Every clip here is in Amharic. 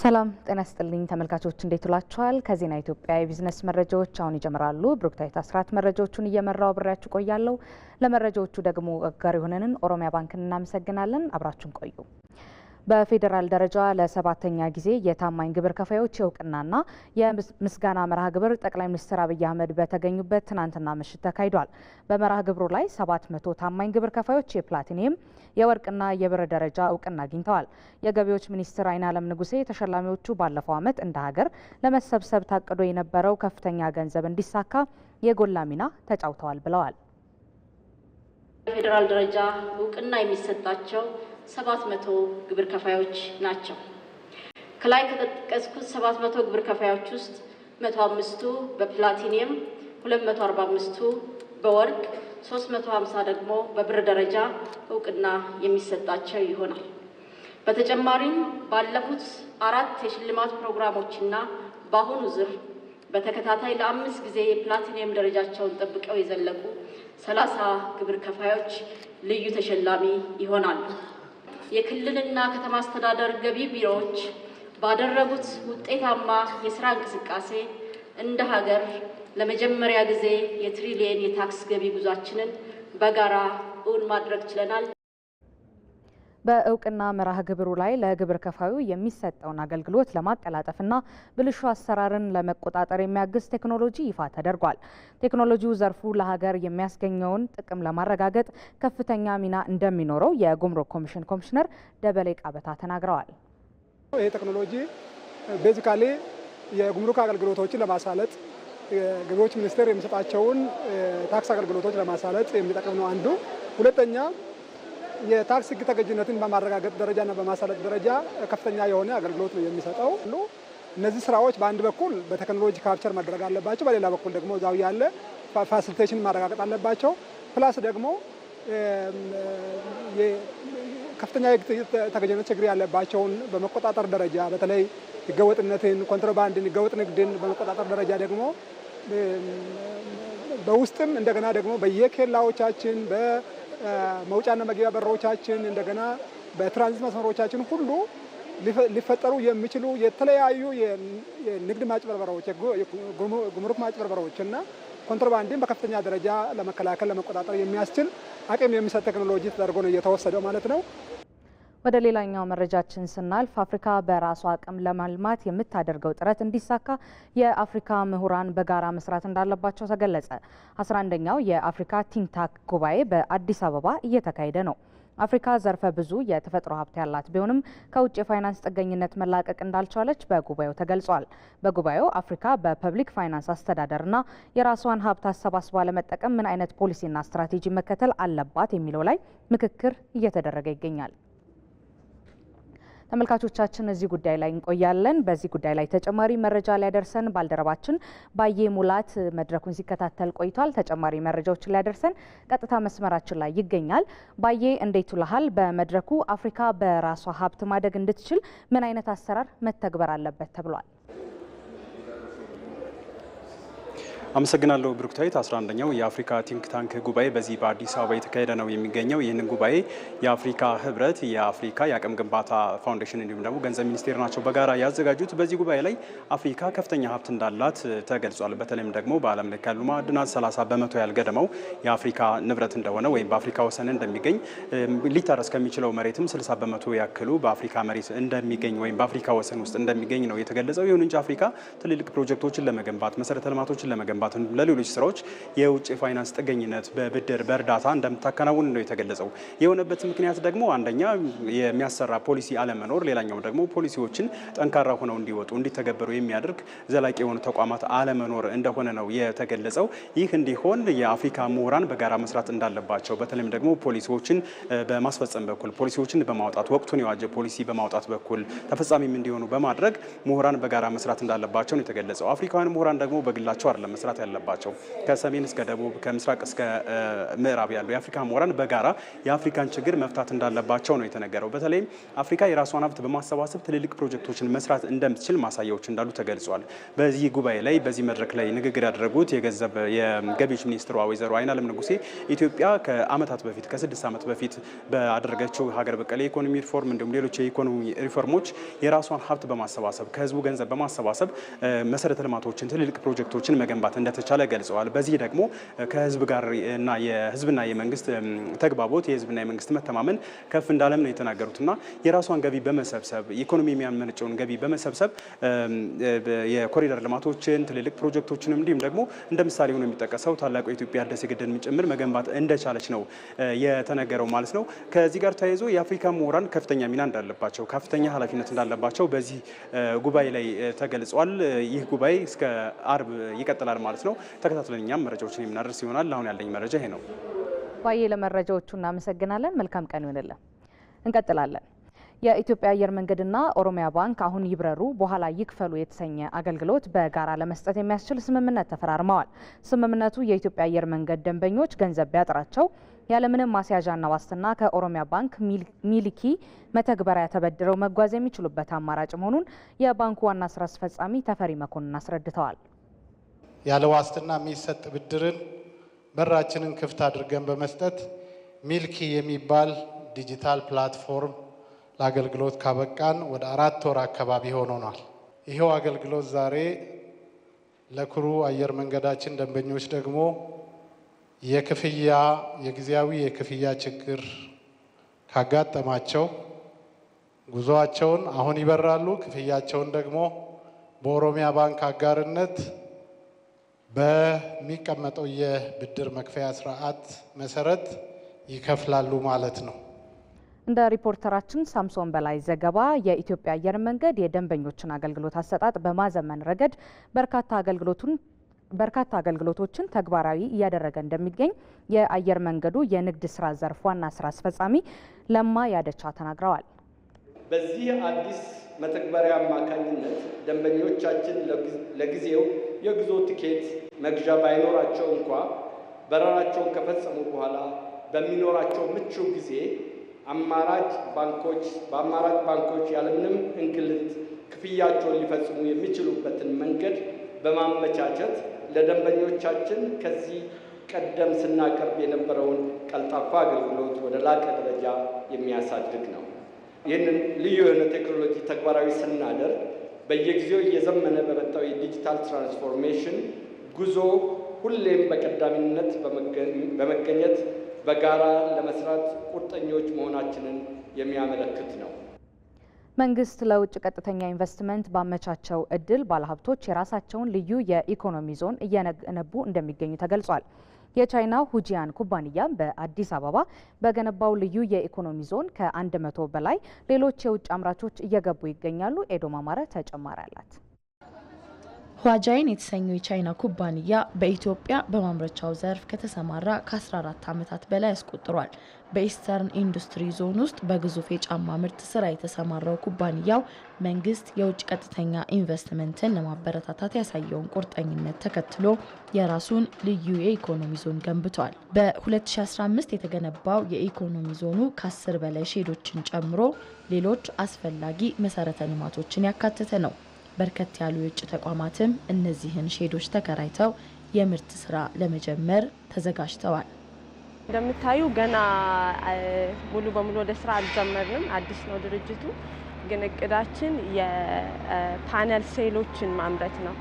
ሰላም ጤና ስጥልኝ ተመልካቾች፣ እንዴት ውላችኋል? ከዜና ኢትዮጵያ የቢዝነስ መረጃዎች አሁን ይጀምራሉ። ብሩክታዊት አስራት መረጃዎቹን እየመራው አብሬያችሁ ቆያለሁ። ለመረጃዎቹ ደግሞ አጋር የሆነንን ኦሮሚያ ባንክን እናመሰግናለን። አብራችሁን ቆዩ። በፌዴራል ደረጃ ለሰባተኛ ጊዜ የታማኝ ግብር ከፋዮች የእውቅናና የምስጋና መርሃ ግብር ጠቅላይ ሚኒስትር አብይ አህመድ በተገኙበት ትናንትና ምሽት ተካሂዷል። በመርሃ ግብሩ ላይ መቶ ታማኝ ግብር ከፋዮች የፕላቲኒየም የወርቅና የብር ደረጃ እውቅና አግኝተዋል። የገቢዎች ሚኒስትር አይናለም ንጉሴ ተሸላሚዎቹ ባለፈው ዓመት እንደ ሀገር ለመሰብሰብ ታቅዶ የነበረው ከፍተኛ ገንዘብ እንዲሳካ የጎላ ሚና ተጫውተዋል ብለዋል። በፌዴራል ደረጃ እውቅና የሚሰጣቸው ሰባት መቶ ግብር ከፋዮች ናቸው። ከላይ ከጠቀስኩት ሰባት መቶ ግብር ከፋዮች ውስጥ መቶ አምስቱ በፕላቲኒየም፣ ሁለት መቶ አርባ አምስቱ በወርቅ፣ ሶስት መቶ ሀምሳ ደግሞ በብር ደረጃ እውቅና የሚሰጣቸው ይሆናል። በተጨማሪም ባለፉት አራት የሽልማት ፕሮግራሞችና በአሁኑ ዝር በተከታታይ ለአምስት ጊዜ የፕላቲኒየም ደረጃቸውን ጠብቀው የዘለቁ ሰላሳ ግብር ከፋዮች ልዩ ተሸላሚ ይሆናሉ። የክልልና ከተማ አስተዳደር ገቢ ቢሮዎች ባደረጉት ውጤታማ የስራ እንቅስቃሴ እንደ ሀገር ለመጀመሪያ ጊዜ የትሪሊየን የታክስ ገቢ ጉዟችንን በጋራ እውን ማድረግ ችለናል። በእውቅና መርሃ ግብሩ ላይ ለግብር ከፋዩ የሚሰጠውን አገልግሎት ለማቀላጠፍና ብልሹ አሰራርን ለመቆጣጠር የሚያግዝ ቴክኖሎጂ ይፋ ተደርጓል። ቴክኖሎጂው ዘርፉ ለሀገር የሚያስገኘውን ጥቅም ለማረጋገጥ ከፍተኛ ሚና እንደሚኖረው የጉምሩክ ኮሚሽን ኮሚሽነር ደበሌ ቃበታ ተናግረዋል። ይህ ቴክኖሎጂ ቤዚካሊ የጉምሩክ አገልግሎቶችን ለማሳለጥ ገቢዎች ሚኒስቴር የሚሰጣቸውን ታክስ አገልግሎቶች ለማሳለጥ የሚጠቅም ነው አንዱ። ሁለተኛ የታክስ ህግ ተገዥነትን በማረጋገጥ ደረጃና በማሳለጥ ደረጃ ከፍተኛ የሆነ አገልግሎት ነው የሚሰጠው። እነዚህ ስራዎች በአንድ በኩል በቴክኖሎጂ ካፕቸር መደረግ አለባቸው፣ በሌላ በኩል ደግሞ እዛው ያለ ፋሲሊቴሽን ማረጋገጥ አለባቸው። ፕላስ ደግሞ ከፍተኛ ተገዥነት ችግር ያለባቸውን በመቆጣጠር ደረጃ በተለይ ህገወጥነትን፣ ኮንትሮባንድን፣ ህገወጥ ንግድን በመቆጣጠር ደረጃ ደግሞ በውስጥም እንደገና ደግሞ በየኬላዎቻችን መውጫና መግቢያ በሮቻችን እንደገና በትራንዚት መስመሮቻችን ሁሉ ሊፈጠሩ የሚችሉ የተለያዩ የንግድ ማጭበርበሮች፣ ጉምሩክ ማጭበርበሮች እና ኮንትሮባንድን በከፍተኛ ደረጃ ለመከላከል ለመቆጣጠር የሚያስችል አቅም የሚሰጥ ቴክኖሎጂ ተደርጎ ነው እየተወሰደው ማለት ነው። ወደ ሌላኛው መረጃችን ስናልፍ አፍሪካ በራሷ አቅም ለማልማት የምታደርገው ጥረት እንዲሳካ የአፍሪካ ምሁራን በጋራ መስራት እንዳለባቸው ተገለጸ። 11ኛው የአፍሪካ ቲንታክ ጉባኤ በአዲስ አበባ እየተካሄደ ነው። አፍሪካ ዘርፈ ብዙ የተፈጥሮ ሀብት ያላት ቢሆንም ከውጭ የፋይናንስ ጥገኝነት መላቀቅ እንዳልቻለች በጉባኤው ተገልጿል። በጉባኤው አፍሪካ በፐብሊክ ፋይናንስ አስተዳደርና የራሷን ሀብት አሰባስባ ለመጠቀም ምን አይነት ፖሊሲና ስትራቴጂ መከተል አለባት የሚለው ላይ ምክክር እየተደረገ ይገኛል። ተመልካቾቻችን እዚህ ጉዳይ ላይ እንቆያለን። በዚህ ጉዳይ ላይ ተጨማሪ መረጃ ሊያደርሰን ባልደረባችን ባየ ሙላት መድረኩን ሲከታተል ቆይቷል። ተጨማሪ መረጃዎችን ሊያደርሰን ቀጥታ መስመራችን ላይ ይገኛል። ባየ እንዴት ውለሃል? በመድረኩ አፍሪካ በራሷ ሀብት ማደግ እንድትችል ምን አይነት አሰራር መተግበር አለበት ተብሏል? አመሰግናለሁ ብሩክታዊት። 11ኛው የአፍሪካ ቲንክ ታንክ ጉባኤ በዚህ በአዲስ አበባ የተካሄደ ነው የሚገኘው። ይህንን ጉባኤ የአፍሪካ ህብረት፣ የአፍሪካ የአቅም ግንባታ ፋውንዴሽን እንዲሁም ደግሞ ገንዘብ ሚኒስቴር ናቸው በጋራ ያዘጋጁት። በዚህ ጉባኤ ላይ አፍሪካ ከፍተኛ ሀብት እንዳላት ተገልጿል። በተለይም ደግሞ በዓለም ላይ ካሉ ማዕድናት 30 በመቶ ያልገደመው የአፍሪካ ንብረት እንደሆነ ወይም በአፍሪካ ወሰን እንደሚገኝ ሊታረስ ከሚችለው መሬትም 60 በመቶ ያክሉ በአፍሪካ መሬት እንደሚገኝ ወይም በአፍሪካ ወሰን ውስጥ እንደሚገኝ ነው የተገለጸው። ይሁን እንጂ አፍሪካ ትልልቅ ፕሮጀክቶችን ለመገንባት መሰረተ ልማቶችን ለመገንባት በመገንባት ለሌሎች ስራዎች የውጭ ፋይናንስ ጥገኝነት በብድር በእርዳታ እንደምታከናውን ነው የተገለጸው። የሆነበት ምክንያት ደግሞ አንደኛ የሚያሰራ ፖሊሲ አለመኖር፣ ሌላኛው ደግሞ ፖሊሲዎችን ጠንካራ ሆነው እንዲወጡ እንዲተገበሩ የሚያደርግ ዘላቂ የሆኑ ተቋማት አለመኖር እንደሆነ ነው የተገለጸው። ይህ እንዲሆን የአፍሪካ ምሁራን በጋራ መስራት እንዳለባቸው በተለይም ደግሞ ፖሊሲዎችን በማስፈጸም በኩል ፖሊሲዎችን በማውጣት ወቅቱን የዋጀ ፖሊሲ በማውጣት በኩል ተፈጻሚም እንዲሆኑ በማድረግ ምሁራን በጋራ መስራት እንዳለባቸው ነው የተገለጸው። አፍሪካውያን ምሁራን ደግሞ በግላቸው አይደለም መስራት መስራት ያለባቸው። ከሰሜን እስከ ደቡብ፣ ከምስራቅ እስከ ምዕራብ ያሉ የአፍሪካ ምሁራን በጋራ የአፍሪካን ችግር መፍታት እንዳለባቸው ነው የተነገረው። በተለይም አፍሪካ የራሷን ሀብት በማሰባሰብ ትልልቅ ፕሮጀክቶችን መስራት እንደምትችል ማሳያዎች እንዳሉ ተገልጿል። በዚህ ጉባኤ ላይ በዚህ መድረክ ላይ ንግግር ያደረጉት የገንዘብ የገቢዎች ሚኒስትሯ ወይዘሮ አይናለም ንጉሴ ኢትዮጵያ ከአመታት በፊት ከስድስት ዓመት በፊት በአደረገችው ሀገር በቀል የኢኮኖሚ ሪፎርም እንዲሁም ሌሎች የኢኮኖሚ ሪፎርሞች የራሷን ሀብት በማሰባሰብ ከህዝቡ ገንዘብ በማሰባሰብ መሰረተ ልማቶችን ትልልቅ ፕሮጀክቶችን መገንባት እንደተቻለ ገልጸዋል። በዚህ ደግሞ ከህዝብ ጋር እና የህዝብና የመንግስት ተግባቦት የህዝብና የመንግስት መተማመን ከፍ እንዳለም ነው የተናገሩትና የራሷን ገቢ በመሰብሰብ ኢኮኖሚ የሚያመነጨውን ገቢ በመሰብሰብ የኮሪደር ልማቶችን ትልልቅ ፕሮጀክቶችንም እንዲሁም ደግሞ እንደ ምሳሌ ሆኖ የሚጠቀሰው ታላቁ የኢትዮጵያ ህዳሴ ግድብን ጭምር መገንባት እንደቻለች ነው የተነገረው ማለት ነው። ከዚህ ጋር ተያይዞ የአፍሪካ ምሁራን ከፍተኛ ሚና እንዳለባቸው፣ ከፍተኛ ኃላፊነት እንዳለባቸው በዚህ ጉባኤ ላይ ተገልጿል። ይህ ጉባኤ እስከ አርብ ይቀጥላል። ማለት ነው። ተከታትለን እኛም መረጃዎችን የምናደርስ ይሆናል። አሁን ያለኝ መረጃ ይሄ ነው። ባዬ ለመረጃዎቹ እናመሰግናለን። መልካም ቀን ይሆንልን። እንቀጥላለን። የኢትዮጵያ አየር መንገድና ኦሮሚያ ባንክ አሁን ይብረሩ በኋላ ይክፈሉ የተሰኘ አገልግሎት በጋራ ለመስጠት የሚያስችል ስምምነት ተፈራርመዋል። ስምምነቱ የኢትዮጵያ አየር መንገድ ደንበኞች ገንዘብ ቢያጥራቸው ያለምንም ማስያዣና ዋስትና ከኦሮሚያ ባንክ ሚልኪ መተግበሪያ ተበድረው መጓዝ የሚችሉበት አማራጭ መሆኑን የባንኩ ዋና ስራ አስፈጻሚ ተፈሪ መኮንን አስረድተዋል። ያለ ዋስትና የሚሰጥ ብድርን በራችንን ክፍት አድርገን በመስጠት ሚልኪ የሚባል ዲጂታል ፕላትፎርም ለአገልግሎት ካበቃን ወደ አራት ወር አካባቢ ሆኖናል። ይኸው አገልግሎት ዛሬ ለኩሩ አየር መንገዳችን ደንበኞች ደግሞ የክፍያ የጊዜያዊ የክፍያ ችግር ካጋጠማቸው ጉዞአቸውን አሁን ይበራሉ፣ ክፍያቸውን ደግሞ በኦሮሚያ ባንክ አጋርነት በሚቀመጠው የብድር መክፈያ ስርዓት መሰረት ይከፍላሉ ማለት ነው። እንደ ሪፖርተራችን ሳምሶን በላይ ዘገባ የኢትዮጵያ አየር መንገድ የደንበኞችን አገልግሎት አሰጣጥ በማዘመን ረገድ በርካታ አገልግሎቱን በርካታ አገልግሎቶችን ተግባራዊ እያደረገ እንደሚገኝ የአየር መንገዱ የንግድ ስራ ዘርፍ ዋና ስራ አስፈጻሚ ለማ ያደቻ ተናግረዋል። በዚህ አዲስ መተግበሪያ አማካኝነት ደንበኞቻችን ለጊዜው የጉዞ ትኬት መግዣ ባይኖራቸው እንኳ በረራቸውን ከፈጸሙ በኋላ በሚኖራቸው ምቹ ጊዜ አማራጭ ባንኮች በአማራጭ ባንኮች ያለምንም እንግልት ክፍያቸውን ሊፈጽሙ የሚችሉበትን መንገድ በማመቻቸት ለደንበኞቻችን ከዚህ ቀደም ስናቀርብ የነበረውን ቀልጣፋ አገልግሎት ወደ ላቀ ደረጃ የሚያሳድግ ነው። ይህንን ልዩ የሆነ ቴክኖሎጂ ተግባራዊ ስናደርግ በየጊዜው እየዘመነ በመጣው የዲጂታል ትራንስፎርሜሽን ጉዞ ሁሌም በቀዳሚነት በመገኘት በጋራ ለመስራት ቁርጠኞች መሆናችንን የሚያመለክት ነው። መንግስት ለውጭ ቀጥተኛ ኢንቨስትመንት ባመቻቸው እድል ባለሀብቶች የራሳቸውን ልዩ የኢኮኖሚ ዞን እየገነቡ እንደሚገኙ ተገልጿል። የቻይናው ሁጂያን ኩባንያ በአዲስ አበባ በገነባው ልዩ የኢኮኖሚ ዞን ከ100 በላይ ሌሎች የውጭ አምራቾች እየገቡ ይገኛሉ። ኤዶም አማረ ተጨማሪ አላት። ዋጃይን የተሰኘው የቻይና ኩባንያ በኢትዮጵያ በማምረቻው ዘርፍ ከተሰማራ ከ14 ዓመታት በላይ አስቆጥሯል። በኢስተርን ኢንዱስትሪ ዞን ውስጥ በግዙፍ የጫማ ምርት ስራ የተሰማራው ኩባንያው መንግስት የውጭ ቀጥተኛ ኢንቨስትመንትን ለማበረታታት ያሳየውን ቁርጠኝነት ተከትሎ የራሱን ልዩ የኢኮኖሚ ዞን ገንብቷል። በ2015 የተገነባው የኢኮኖሚ ዞኑ ከ10 በላይ ሼዶችን ጨምሮ ሌሎች አስፈላጊ መሰረተ ልማቶችን ያካተተ ነው። በርከት ያሉ የውጭ ተቋማትም እነዚህን ሼዶች ተከራይተው የምርት ስራ ለመጀመር ተዘጋጅተዋል። እንደምታዩ ገና ሙሉ በሙሉ ወደ ስራ አልጀመርንም። አዲስ ነው ድርጅቱ። ግን እቅዳችን የፓነል ሴሎችን ማምረት ነው።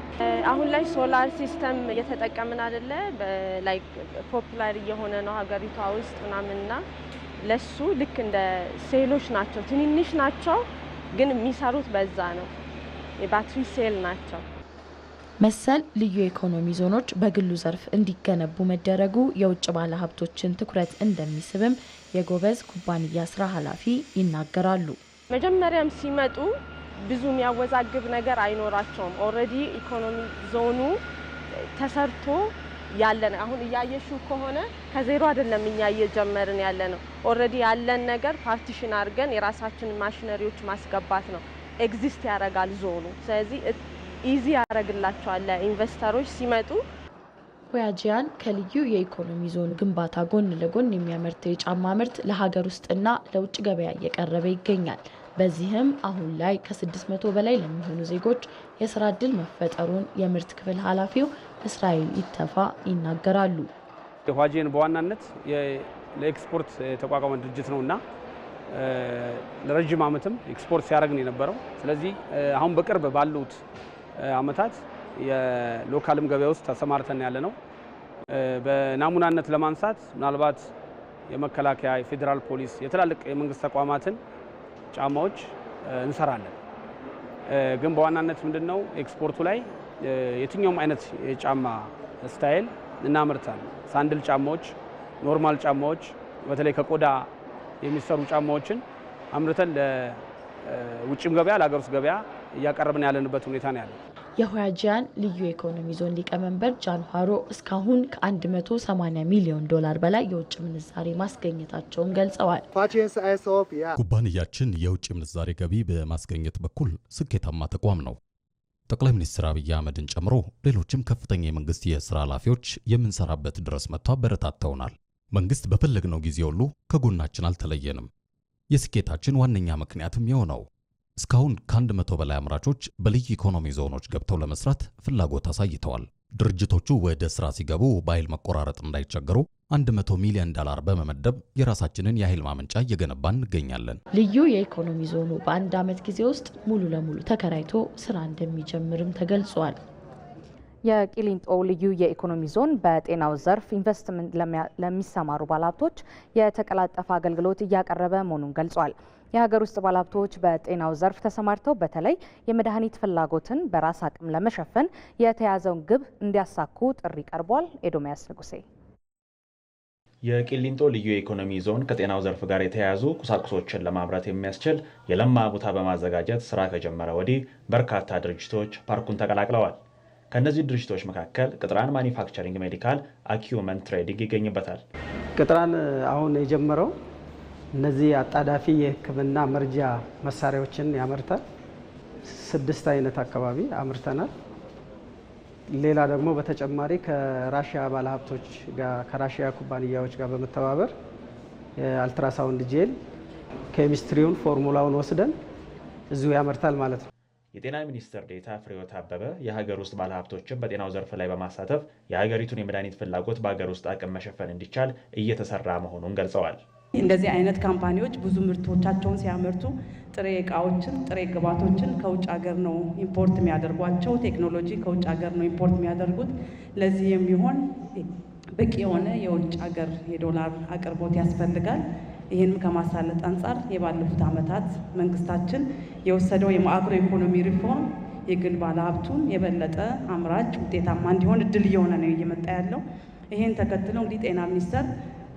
አሁን ላይ ሶላር ሲስተም እየተጠቀምን አደለ፣ ፖፑላር እየሆነ ነው ሀገሪቷ ውስጥ ምናምንና ለሱ ልክ እንደ ሴሎች ናቸው። ትንንሽ ናቸው፣ ግን የሚሰሩት በዛ ነው። የባትሪ ሴል ናቸው። መሰል ልዩ የኢኮኖሚ ዞኖች በግሉ ዘርፍ እንዲገነቡ መደረጉ የውጭ ባለሀብቶችን ትኩረት እንደሚስብም የጎበዝ ኩባንያ ስራ ኃላፊ ይናገራሉ። መጀመሪያም ሲመጡ ብዙ የሚያወዛግብ ነገር አይኖራቸውም። ኦልሬዲ ኢኮኖሚ ዞኑ ተሰርቶ ያለን አሁን እያየሹ ከሆነ ከዜሮ አይደለም እኛ እየጀመርን ያለ ነው። ኦልሬዲ ያለን ነገር ፓርቲሽን አድርገን የራሳችንን ማሽነሪዎች ማስገባት ነው። ኤግዚስት ያደርጋል ዞኑ። ስለዚህ ኢዚ ያደርግላቸዋል ለኢንቨስተሮች ሲመጡ። ሆያጂያን ከልዩ የኢኮኖሚ ዞን ግንባታ ጎን ለጎን የሚያመርተው የጫማ ምርት ለሀገር ውስጥና ለውጭ ገበያ እየቀረበ ይገኛል። በዚህም አሁን ላይ ከ600 በላይ ለሚሆኑ ዜጎች የስራ እድል መፈጠሩን የምርት ክፍል ኃላፊው እስራኤል ይተፋ ይናገራሉ። ሆያጂያን በዋናነት ለኤክስፖርት የተቋቋመ ድርጅት ነው እና ለረጅም ዓመትም ኤክስፖርት ሲያደርግ ነው የነበረው። ስለዚህ አሁን በቅርብ ባሉት ዓመታት የሎካልም ገበያ ውስጥ ተሰማርተን ያለ ነው። በናሙናነት ለማንሳት ምናልባት የመከላከያ፣ የፌዴራል ፖሊስ፣ የትላልቅ የመንግስት ተቋማትን ጫማዎች እንሰራለን። ግን በዋናነት ምንድን ነው ኤክስፖርቱ ላይ የትኛውም አይነት የጫማ ስታይል እናመርታለን። ሳንድል ጫማዎች፣ ኖርማል ጫማዎች በተለይ ከቆዳ የሚሰሩ ጫማዎችን አምርተን ለውጭም ገበያ ለሀገር ውስጥ ገበያ እያቀረብን ያለንበት ሁኔታ ነው ያለ። የሆያጂያን ልዩ ኢኮኖሚ ዞን ሊቀመንበር ጃንፋሮ እስካሁን ከ180 ሚሊዮን ዶላር በላይ የውጭ ምንዛሬ ማስገኘታቸውን ገልጸዋል። ኩባንያችን የውጭ ምንዛሬ ገቢ በማስገኘት በኩል ስኬታማ ተቋም ነው። ጠቅላይ ሚኒስትር አብይ አህመድን ጨምሮ ሌሎችም ከፍተኛ የመንግስት የስራ ኃላፊዎች የምንሰራበት ድረስ መጥቶ አበረታተውናል። መንግስት በፈለግነው ጊዜ ሁሉ ከጎናችን አልተለየንም። የስኬታችን ዋነኛ ምክንያትም ይኸው ነው። እስካሁን ከአንድ መቶ በላይ አምራቾች በልዩ ኢኮኖሚ ዞኖች ገብተው ለመስራት ፍላጎት አሳይተዋል። ድርጅቶቹ ወደ ስራ ሲገቡ በኃይል መቆራረጥ እንዳይቸገሩ 100 ሚሊዮን ዶላር በመመደብ የራሳችንን የኃይል ማመንጫ እየገነባ እንገኛለን። ልዩ የኢኮኖሚ ዞኑ በአንድ ዓመት ጊዜ ውስጥ ሙሉ ለሙሉ ተከራይቶ ስራ እንደሚጀምርም ተገልጿል። የቂሊንጦ ልዩ የኢኮኖሚ ዞን በጤናው ዘርፍ ኢንቨስትመንት ለሚሰማሩ ባለሀብቶች የተቀላጠፈ አገልግሎት እያቀረበ መሆኑን ገልጿል። የሀገር ውስጥ ባለሀብቶች በጤናው ዘርፍ ተሰማርተው በተለይ የመድኃኒት ፍላጎትን በራስ አቅም ለመሸፈን የተያዘውን ግብ እንዲያሳኩ ጥሪ ቀርቧል። ኤዶሚያስ ንጉሴ የቂሊንጦ ልዩ የኢኮኖሚ ዞን ከጤናው ዘርፍ ጋር የተያያዙ ቁሳቁሶችን ለማምረት የሚያስችል የለማ ቦታ በማዘጋጀት ስራ ከጀመረ ወዲህ በርካታ ድርጅቶች ፓርኩን ተቀላቅለዋል። ከእነዚህ ድርጅቶች መካከል ቅጥራን ማኒፋክቸሪንግ ሜዲካል፣ አኪመን ትሬዲንግ ይገኝበታል። ቅጥራን አሁን የጀመረው እነዚህ አጣዳፊ የሕክምና መርጃ መሳሪያዎችን ያመርታል። ስድስት አይነት አካባቢ አምርተናል። ሌላ ደግሞ በተጨማሪ ከራሽያ ባለሀብቶች ጋር ከራሽያ ኩባንያዎች ጋር በመተባበር የአልትራሳውንድ ጄል ኬሚስትሪውን ፎርሙላውን ወስደን እዚሁ ያመርታል ማለት ነው። የጤና ሚኒስትር ዴታ ፍሬሕይወት አበበ የሀገር ውስጥ ባለሀብቶችን በጤናው ዘርፍ ላይ በማሳተፍ የሀገሪቱን የመድኃኒት ፍላጎት በሀገር ውስጥ አቅም መሸፈን እንዲቻል እየተሰራ መሆኑን ገልጸዋል። እንደዚህ አይነት ካምፓኒዎች ብዙ ምርቶቻቸውን ሲያመርቱ ጥሬ እቃዎችን፣ ጥሬ ግባቶችን ከውጭ ሀገር ነው ኢምፖርት የሚያደርጓቸው። ቴክኖሎጂ ከውጭ ሀገር ነው ኢምፖርት የሚያደርጉት። ለዚህ የሚሆን በቂ የሆነ የውጭ ሀገር የዶላር አቅርቦት ያስፈልጋል። ይህንም ከማሳለጥ አንጻር የባለፉት ዓመታት መንግስታችን የወሰደው የማዕክሮ ኢኮኖሚ ሪፎርም የግል ባለሀብቱን የበለጠ አምራች ውጤታማ እንዲሆን እድል እየሆነ ነው እየመጣ ያለው። ይህን ተከትሎ እንግዲህ ጤና ሚኒስቴር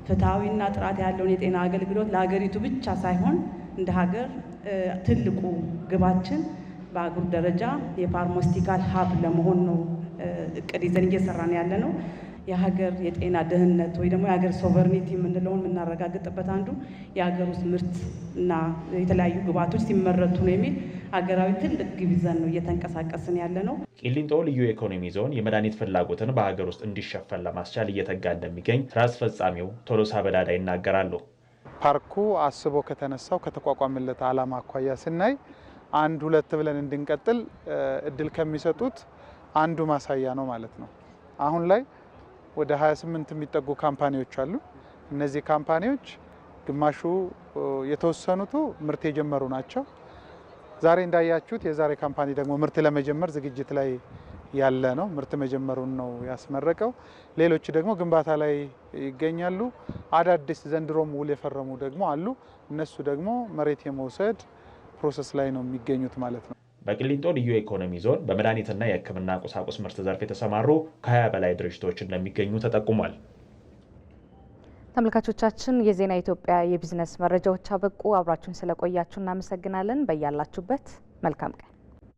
ፍትሐዊና ጥራት ያለውን የጤና አገልግሎት ለሀገሪቱ ብቻ ሳይሆን እንደ ሀገር ትልቁ ግባችን በአህጉር ደረጃ የፋርማሲውቲካል ሀብ ለመሆን ነው እቅድ ይዘን እየሰራን ያለ ነው። የሀገር የጤና ደህንነት ወይ ደግሞ የሀገር ሶቨርኒቲ የምንለውን የምናረጋግጥበት አንዱ የሀገር ውስጥ ምርት እና የተለያዩ ግብዓቶች ሲመረቱ ነው የሚል ሀገራዊ ትልቅ ግብ ይዘን ነው እየተንቀሳቀስን ያለ ነው። ቂሊንጦ ልዩ ኢኮኖሚ ዞን የመድኃኒት ፍላጎትን በሀገር ውስጥ እንዲሸፈን ለማስቻል እየተጋ እንደሚገኝ ስራ አስፈጻሚው ቶሎሳ በዳዳ ይናገራሉ። ፓርኩ አስቦ ከተነሳው ከተቋቋመለት ዓላማ አኳያ ስናይ አንድ ሁለት ብለን እንድንቀጥል እድል ከሚሰጡት አንዱ ማሳያ ነው ማለት ነው አሁን ላይ ወደ 28 የሚጠጉ ካምፓኒዎች አሉ። እነዚህ ካምፓኒዎች ግማሹ የተወሰኑቱ ምርት የጀመሩ ናቸው። ዛሬ እንዳያችሁት የዛሬ ካምፓኒ ደግሞ ምርት ለመጀመር ዝግጅት ላይ ያለ ነው። ምርት መጀመሩን ነው ያስመረቀው። ሌሎች ደግሞ ግንባታ ላይ ይገኛሉ። አዳዲስ ዘንድሮም ውል የፈረሙ ደግሞ አሉ። እነሱ ደግሞ መሬት የመውሰድ ፕሮሰስ ላይ ነው የሚገኙት ማለት ነው። በቅሊንጦ ልዩ ኢኮኖሚ ዞን በመድኃኒትና የሕክምና ቁሳቁስ ምርት ዘርፍ የተሰማሩ ከ20 በላይ ድርጅቶች እንደሚገኙ ተጠቁሟል። ተመልካቾቻችን የዜና ኢትዮጵያ የቢዝነስ መረጃዎች አበቁ። አብራችሁን ስለቆያችሁ እናመሰግናለን። በያላችሁበት መልካም ቀን